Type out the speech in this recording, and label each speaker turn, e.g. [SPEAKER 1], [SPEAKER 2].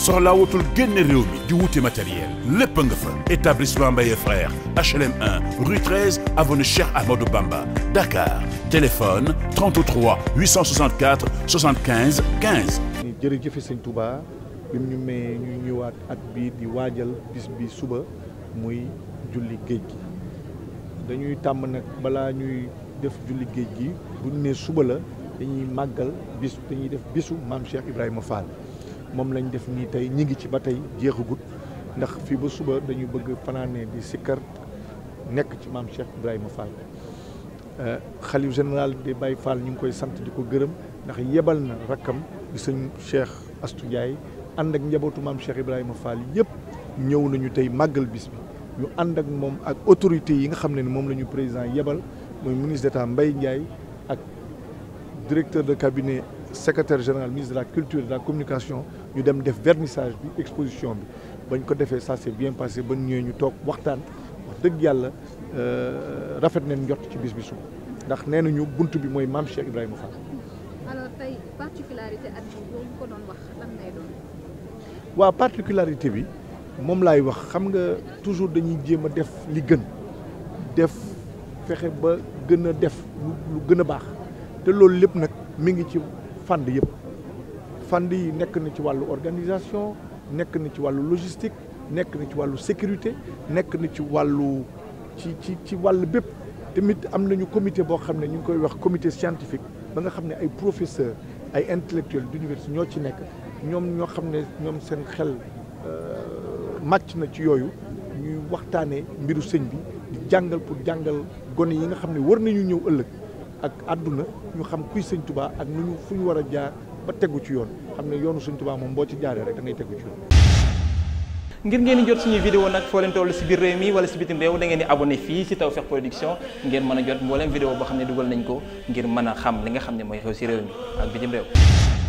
[SPEAKER 1] soxlaa wutul génne réew mi di wuti matériel lépp nga fa établissement Mbaye frère HLM 1 rue 13 avenue Cheikh Amadou Bamba Dakar téléphone 33 864 75 15.
[SPEAKER 2] jërëjëf sëñ Touba bi mu ñu mayee ñu ñëwaat ak biir di waajal bis bi suba muy julli géej gi dañuy tàmm nag balaa ñuy def julli géej gi bu suba la dañuy màggal bis dañuy def bisu maam Cheikh Ibrahima Fall. moom lañ def nii tey ñi ngi ci ba tey jeexagut ndax fii ba suba dañu bëgg fanaane di sikkar nekk ci maam Cheikh Ibrahima Fall euh, xalif général de Baye Fall ñu ngi koy sant di ko gërëm ndax yebal na rakkam di sëñ Cheikh Astou Ndiaye ànd ak njabootu maam Cheikh Ibrahima Fall yëpp ñëw nañu tey màggal bis bi ñu ànd ak moom ak autorités yi nga xam ne ni moom la ñu président yebal mooy ministre d'État Mbaye Ndiaye ak directeur de cabinet secretaire général ministre de la culture et de la communication ñu dem def vernissage bi exposition bi bañ ko defee ça s'est bien passé ba ñëwee ñu toog waxtaan wax dëgg yàlla euh, rafet nañ njot ci bis bi ndax nee nañu bunt bi mooy maam Cheikh Ibrahima Fall. alors particularité bi moom laay wax xam nga toujours dañuy jéem a def li gën def fexe ba gën a def lu gën a baax te loolu lépp nag mi ngi ci. fan fànn yëpp fànn yi nekk na ci wàllu organisation nekk na ci wàllu logistique nekk na ci wàllu sécurité nekk na ci wàllu ci ci ci wàll bépp tamit am nañu comité boo xam ne ñu ngi koy wax comité scientifique ba nga xam ne ay professeurs ay intellectuels d'université ñoo ci nekk ñoom ñoo xam ne ñoom seen xel euh, màcc na ci yooyu ñuy waxtaanee mbiru sëñ bi di jàngal pour jàngal gone yi nga xam ne war nañu ñëw ëllëg ak àdduna ñu xam kuy sëñ tubaa ak nu ñu fu ñu war a jaar ba tegu ci yoon xam ne yoonu sëñ tubaa moom boo ci jaaree rek da ngay tegu ci yoon. ngir ngeen di jot suñuy vidéo nag foo leen toll si biir réew mi wala si bitim réew da ngeen di abonné fii si Tawfekh Production ngeen mën a jot mbooleem vidéo boo xam ne dugal nañ ko ngir mën a xam li nga xam ne mooy xew si réew mi ak bitim réew